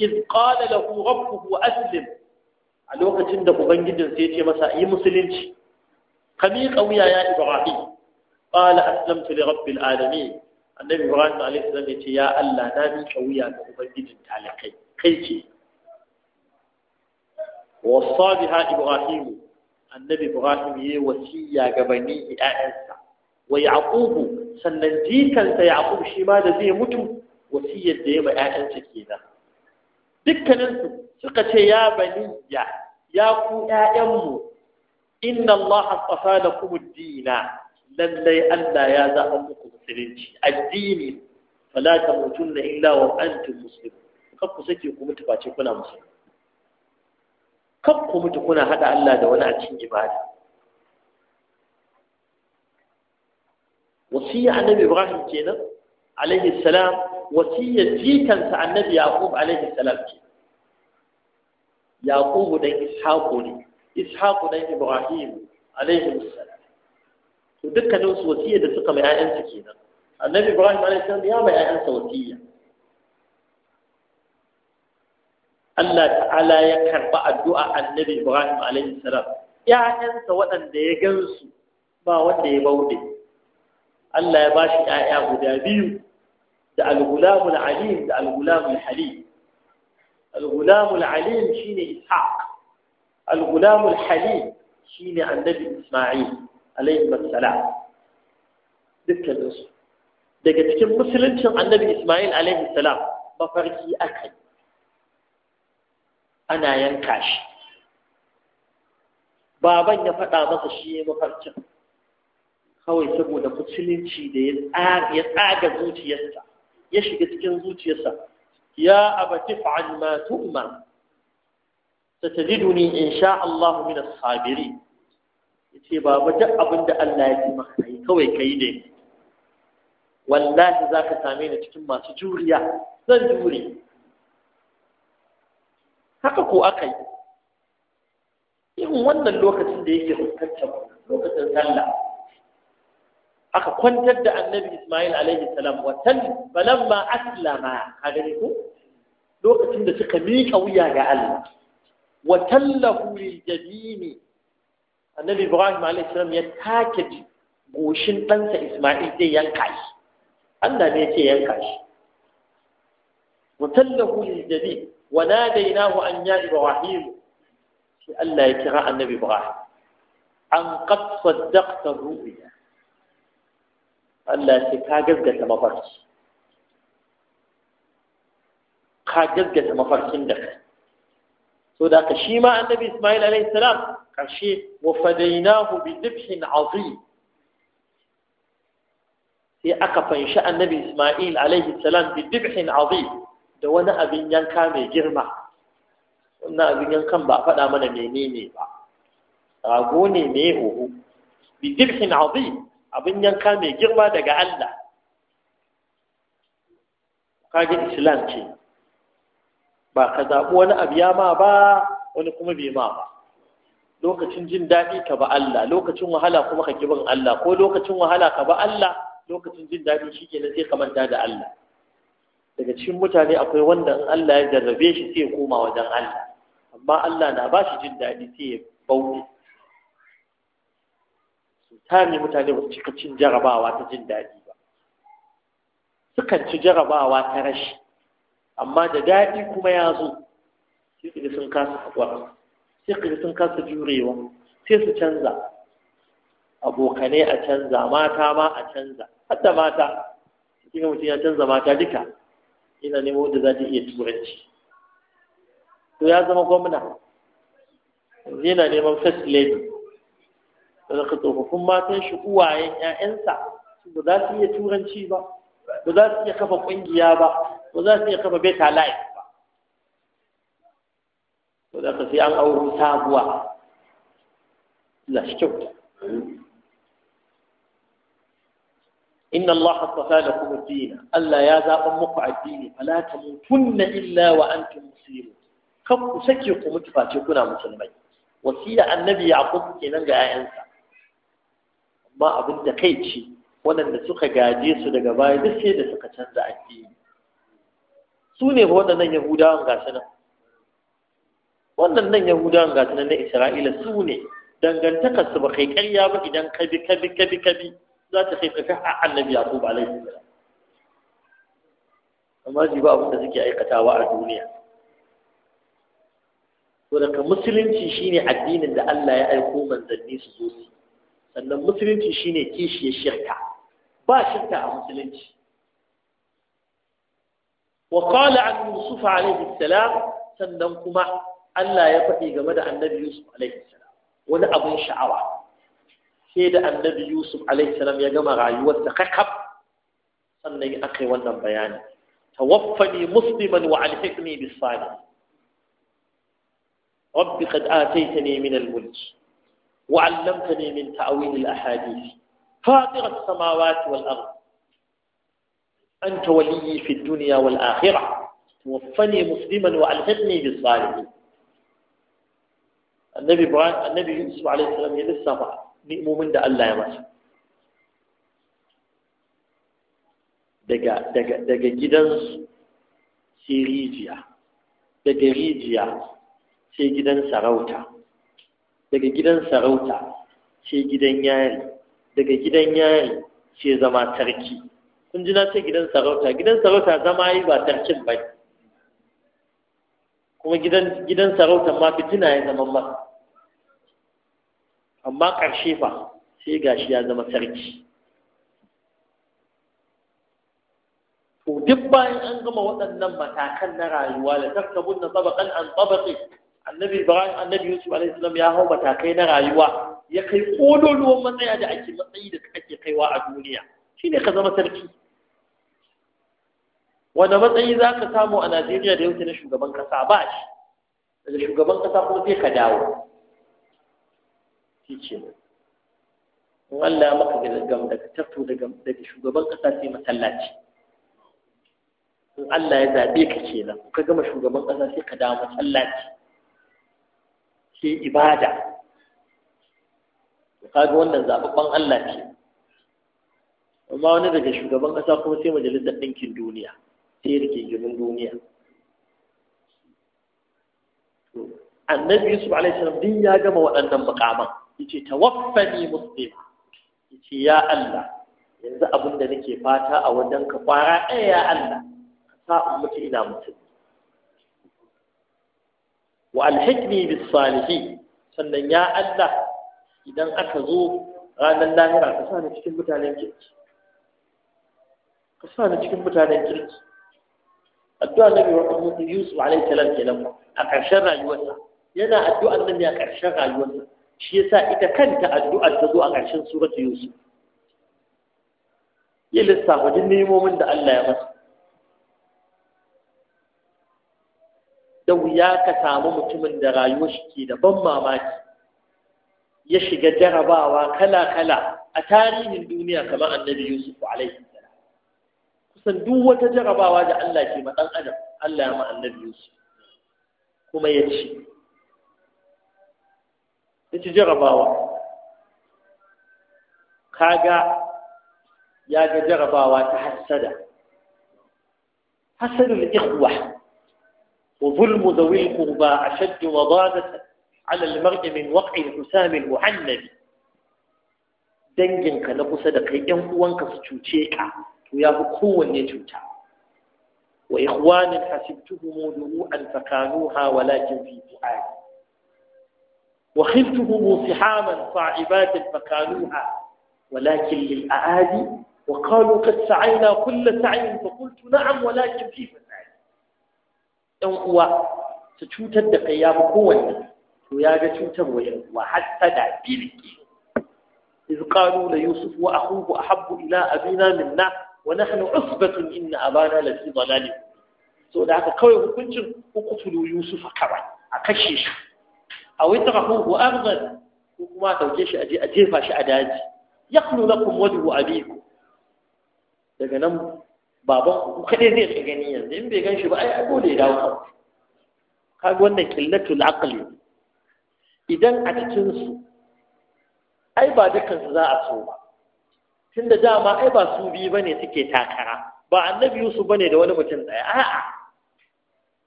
إذ قال له ربه Aslim. a lokacin da ubangijin sai ce masa yi musulunci ka miƙa wuya ya ibrahim qala aslamtu li rabbil alamin annabi ibrahim alaihi salam ya ce ya Allah na miƙa wuya ga ubangijin talakai kai ce wasa biha ibrahim annabi ibrahim yayi wasiya ga bani ƴaƴansa wa yaqub sannan jikansa yaqub shi ma da zai mutu wasiyar da ya ba ƴaƴansa kenan dukkaninsu suka ce ya bani ya ya ku ƴaƴanmu inna allaha astafa lakum ad-dina lallai Allah ya zaɓa muku musulunci addini fala tamutunna illa wa antum muslimun kar ku sake ku mutu face kuna musulmi kar ku mutu kuna hada Allah da wani a cikin ibada wasiyya annabi Ibrahim kenan alaihi salam wasiyya jikansa annabi Yaqub alaihi salam ce Yaqub dan Ishaq ne Ishaq dan Ibrahim alaihi salam to dukkanin su wasiyya da suka mai ƴaƴansu kenan annabi ibrahim alaihi salam ya mai ƴaƴansa wasiyya Allah ta'ala ya karba addu'a annabi ibrahim alaihi salam ƴaƴansa waɗanda ya gansu ba wanda ya bauɗe Allah ya bashi ƴaƴa guda biyu da al-ghulamul alim da al-ghulamul halim al-ghulamul alim shine ishaq al-ghulamul halim shine annabi isma'il alaihi wassalam dukkaninsu daga cikin musuluncin annabi Ismail alaihi salam mafarki aka yi ana yanka shi baban ya faɗa masa shi ya mafarkin kawai saboda musulunci da ya tsaga zuciyarsa ya shiga cikin zuciyarsa ya abati fa'al ma tu'mar satajiduni insha Allah min as-sabirin ya ce baba duk abin da Allah ya ce maka yi kawai ka yi ne wallahi za ka same ni cikin masu juriya zan jure haka ko aka yi wannan lokacin da yake fuskantar lokacin sallah aka kwantar da annabi Ismail alaihi salam watan balamma aslama kaga ne ko lokacin da suka miƙa wuya ga Allah wa tallahu lil jabini annabi ibrahim alaihissalam ya take goshin ɗansa isma'il zai yanka shi allah ne ce yanka shi وناديناه أن يا إبراهيم ألا يكرى النبي إبراهيم أن قد صدقت الرؤيا ألا تكاجز قد مفرس كاجز قد مفرس عندك سوداك شيما النبي إسماعيل عليه السلام ƙarshe wa fadainahu bi dibhin azim sai aka fanshi annabi Ismail alaihi salam bi dibhin azim da wani abin yanka mai girma wannan abin yankan ba faɗa mana menene ba rago ne mai hoho bi dibhin azim abin yanka mai girma daga Allah kage islam ce ba ka zaɓi wani abu ya ma ba wani kuma bai ma ba lokacin jin daɗi ka ba Allah lokacin wahala kuma ka kibin Allah ko lokacin wahala ka ba Allah lokacin jin daɗi shi kenan sai ka manta da Allah daga cikin mutane akwai wanda in Allah ya jarrabe shi sai ya koma wajen Allah amma Allah na ba shi jin daɗi sai ya bauɗe tare mutane ba su cika cin jarabawa ta jin daɗi ba sukan ci jarabawa ta rashi amma da daɗi kuma ya zo sai sun kasa haƙura sai ka sun kasa jurewa sai su canza abokanai a canza mata ma a canza hatta mata cikin mutum ya canza mata duka ina nemo wanda za ta iya turanci to ya zama gwamna yana neman first lady da ka tsofaffin matan shi uwayen 'ya'yansa ba za su iya turanci ba ba za su iya kafa ƙungiya ba ba za su iya kafa beta life to da sai an auro sabuwa la shi kyau inna allaha astafa lakum ad-din Allah ya zaba muku addini fala tamutunna illa wa antum muslimun kan ku sake ku mutu face kuna musulmai wasiya annabi yaqub kenan ga 'ya'yansa. amma abin da kai ce waɗanda suka gaje su daga baya duk sai da suka canza addini su ne waɗannan yahudawan gasu nan wannan nan yahudawan ga na isra'ila su ne dangantakar su ba kai karya ba idan kabi kabi kabi kabi za ta kai ka a annabi yaqub alaihi salam amma ji ba abin da suke aikatawa a duniya to daga musulunci shine addinin da Allah ya aiko manzanni su zo su sannan musulunci shine kishiyar shirka ba shirka a musulunci وقال عن يوسف عليه السلام sannan kuma Allah ya faɗi game da annabi Yusuf alaihi salam wani abin sha'awa sai da annabi Yusuf alaihi salam ya gama rayuwarsa kakaf sannan aka yi wannan bayani tawaffani musliman wa alhiqni bis salih rabbi qad ataytani min al mulk wa 'allamtani min ta'wil al ahadith fatir as samawati wal ard anta waliyyi fid dunya wal akhirah tawaffani musliman wa alhiqni bis salihin annabi ibrahim annabi yusuf alayhi salam ya lissafa ni mumin da Allah ya masa daga daga daga gidan sai daga rijiya sai gidan sarauta daga gidan sarauta sai gidan yari daga gidan yari sai zama tarki kun ji na ce gidan sarauta gidan sarauta zama yi ba tarkin ba kuma gidan gidan sarauta ma fitina ya zama masa amma ƙarshe fa sai gashi ya zama sarki to duk bayan an gama waɗannan matakan na rayuwa da tarkabun na tabaqan an annabi ibrahim annabi yusuf A.S. ya hau matakai na rayuwa ya kai ƙololuwan matsaya da ake matsayi da ake kaiwa a duniya shine ka zama sarki wanda matsayi za ka samu a najeriya da yau na shugaban kasa ba shi daga shugaban kasa kuma sai ka dawo shi ce ne in Allah maka gam daga tattu daga shugaban kasa sai masallaci in Allah ya zaɓe ka ke nan ka gama shugaban kasa sai ka dawo masallaci sai ibada ka ga wannan zaɓaɓɓen Allah ce amma wani daga shugaban kasa kuma sai majalisar ɗinkin duniya sai rike ginin duniya annabi yusuf alaihi salam din ya gama waɗannan muƙaman yace tawaffani muslima yace ya Allah yanzu abin da nake fata a wajen ka kwara ɗaya ya Allah ka sa in mutu ina mutum wa alhikmi bis salihi sannan ya Allah idan aka zo ranar lahira ka sa ni cikin mutanen kirki ka sa ni cikin mutanen kirki addu'a nabi wa Muhammad alaihi salam kenan a ƙarshen rayuwarsa yana addu'ar nan ne a ƙarshen rayuwarsa shi yasa ita kanta addu'ar ta zo a ƙarshen suratu yusuf ya lissafa duk nemomin da Allah ya masa da wuya ka samu mutumin da rayuwar shi ke da ban mamaki ya shiga jarabawa kala-kala a tarihin duniya kamar annabi yusuf alaihi salam kusan duk wata jarabawa da Allah ke ma ɗan adam Allah ya ma annabi yusuf kuma ya ce ta ci jarabawa kaga ya ga jarabawa ta hassada حسد الإخوة wa ذوي القربى أشد وضادة min المرء من وقع الحسام المعنب danginka na kusa da kai ‘yan uwanka su cuce ka to ya fi kowanne cuta wa ikhwanin hasibtuhum du'u an fakanuha walakin fi fu'adi وخلتهم صحاما صعبات فكانوها ولكن للأعادي وقالوا قد سعينا كل سعي فقلت نعم ولكن كيف نعي أن هو تشوت الدقيام قوة ويا تشوت وحتى دعبيرك إذ قالوا ليوسف وأخوه أحب إلى أبينا منا ونحن عصبة إن أبانا لفي ضلال سو da haka kawai hukuncin ku kutulu Yusuf kawai a kashe shi A aw ku arzan ko kuma sauke shi a jefa shi a daji yakhlu wajen wajhu abikum daga nan baban kaɗai zai ka gani yanzu in bai ganshi ba ai dole ya dawo kan kaga wannan qillatul aqli idan a cikin su ai ba dukkan su za a so ba tunda dama ai ba su biyu bane suke takara ba annabi Yusuf bane da wani mutum ɗaya a'a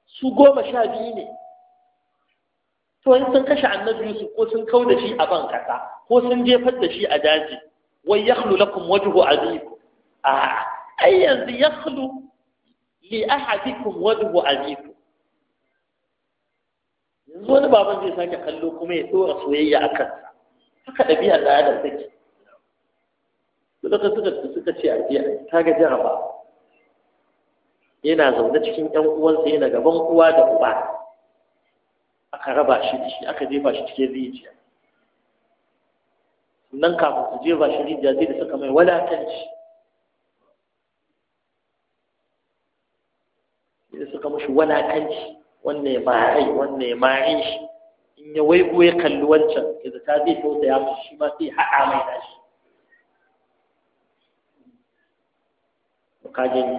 su goma sha biyu ne to in sun kashe annabi Yusuf ko sun kau da shi a ban kasa ko sun jefar da shi a daji wai yakhlu lakum wajhu azim? a ai yanzu yakhlu li ahadikum wajhu azim? yanzu wani baban zai sake kallo kuma ya tsora soyayya a kansa haka ɗabi'a da adam take suka suka suka ce a ta ga jaraba yana zaune cikin ƴan uwansa yana gaban uwa da uba aka raba shi da shi aka jefa shi cikin rijiya nan kafin su jefa shi rijiya zai da suka mai wadatanci da suka mashi wadatanci wannan ya marai wannan ya marin shi in ya waigo ya kalli wancan ya ta zai tausa ya musu shi ma sai haɗa mai na shi kajin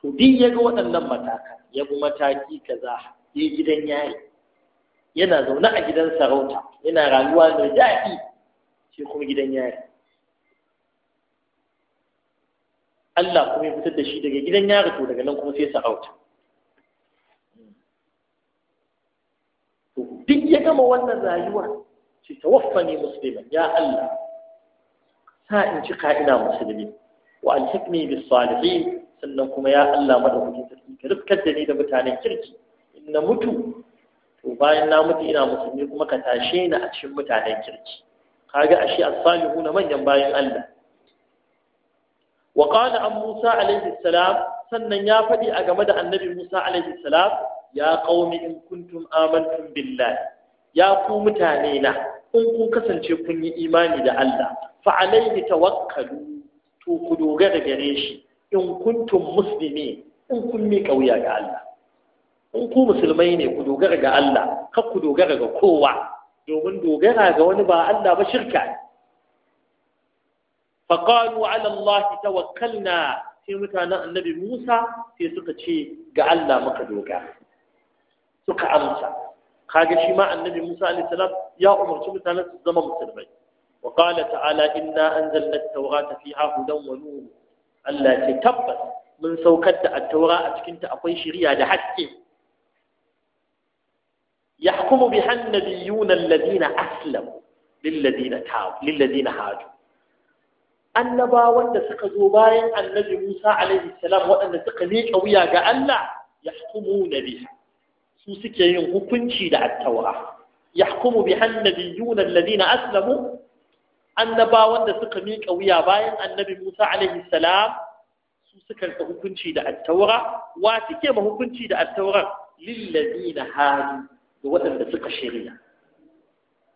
to duk ya ga waɗannan matakan ya bi mataki kaza ya gidan yari yana zaune a gidan sarauta yana rayuwa mai daɗi shi kuma gidan yari Allah kuma ya fitar da shi daga gidan yari to daga nan kuma sai sarauta duk ya gama wannan rayuwa ce ta tawaffani musliman ya Allah sa in ci ka'ina musulmi wa alhikni bis salihin sannan kuma ya Allah madaukakin sarki ka rufkar da ni da mutanen kirki in na mutu to bayan na mutu ina musulmi kuma ka tashe ni a cikin mutanen kirki kaga ashe as na manyan bayan Allah wa qala an Musa alaihi salam sannan ya faɗi a game da annabi Musa alaihi salam ya qaumi in kuntum amantum billahi ya ku mutane na in kun kasance kun yi imani da Allah fa alaihi tawakkalu to ku dogara gare shi in kuntum muslimin in kun mika wuya ga Allah in ku musulmai ne ku dogara ga Allah kar ku dogara ga kowa domin dogara ga wani ba Allah ba shirka ne faqalu ala Allah tawakkalna sai mutanen annabi Musa sai suka ce ga Allah muka dogara suka amsa kaga shi ma annabi Musa alaihi ya umarci mutanen su zama musulmai wa ta'ala inna anzalna at-taurata fiha hudan wa nur Allah ce tabbas mun saukar da at-taura a cikinta akwai shari'a da haske يحكم بها النبيون الذين أسلموا للذين تابوا للذين هاجوا annabawan da suka zo bayan annabi Musa alaihi salam waɗanda suka miƙa wuya ga Allah yahkumu biha su suke yin hukunci da at-taura yahkumu biha an-nabiyyuna alladhina aslamu annabawan da suka miƙa wuya bayan annabi Musa alaihi salam su suka hukunci da at-taura wa suke ma hukunci da at-taura lilladhina hadu da waɗanda suka shirya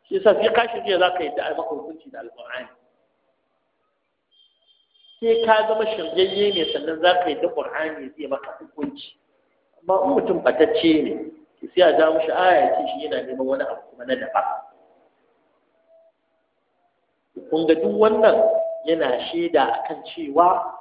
shi sa fi ka shirya za ka yi da maka da alƙur'ani sai ka zama shiryayye ne sannan za ka yi da ƙur'ani zai maka hukunci amma in mutum batacce ne sai a ja shi aya ce shi yana neman wani abu kuma na dafa. kun ga duk wannan yana shaida a kan cewa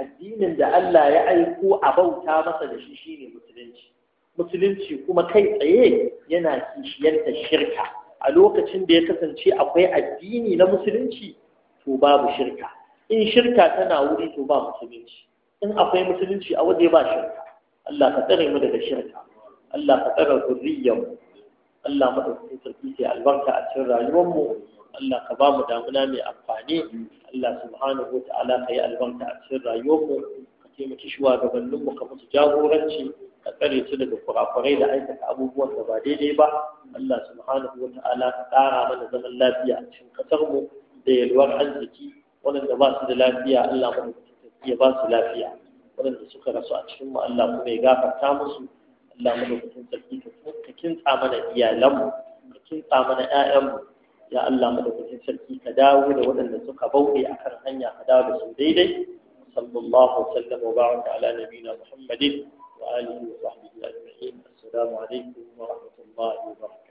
addinin da Allah ya aiko a bauta masa da shi shine musulunci musulunci kuma kai tsaye yana kishiyarta shirka a lokacin da ya kasance akwai addini na musulunci to babu shirka in shirka tana wuri to ba musulunci in akwai musulunci a waje ba shirka Allah ka tsare mu daga shirka Allah ka tsare zurriyar mu Allah madaukakin sarki sai albarka a cikin rayuwar mu Allah ka ba mu damuna mai amfani Allah subhanahu wa ta'ala ka yi albarka a cikin rayuwar mu taimaki shugabanninmu ka musu jagoranci ka tsare su daga kurakurai da aikata abubuwan da ba daidai ba Allah subhanahu wa ta'ala ka ƙara mana zaman lafiya a cikin ƙasar mu da yalwar arziki waɗanda ba su da lafiya Allah mu ya ba su lafiya waɗanda suka rasu a cikin mu Allah kuma ya gafarta musu Allah mu lokacin sarki ka kintsa mana iyalanmu ka kintsa mana ƴaƴanmu ya Allah mu lokacin sarki ka dawo da waɗanda suka bauɗe akan hanya ka dawo da su daidai صلى الله وسلم وبارك على نبينا محمد وآله وصحبه أجمعين السلام عليكم ورحمة الله وبركاته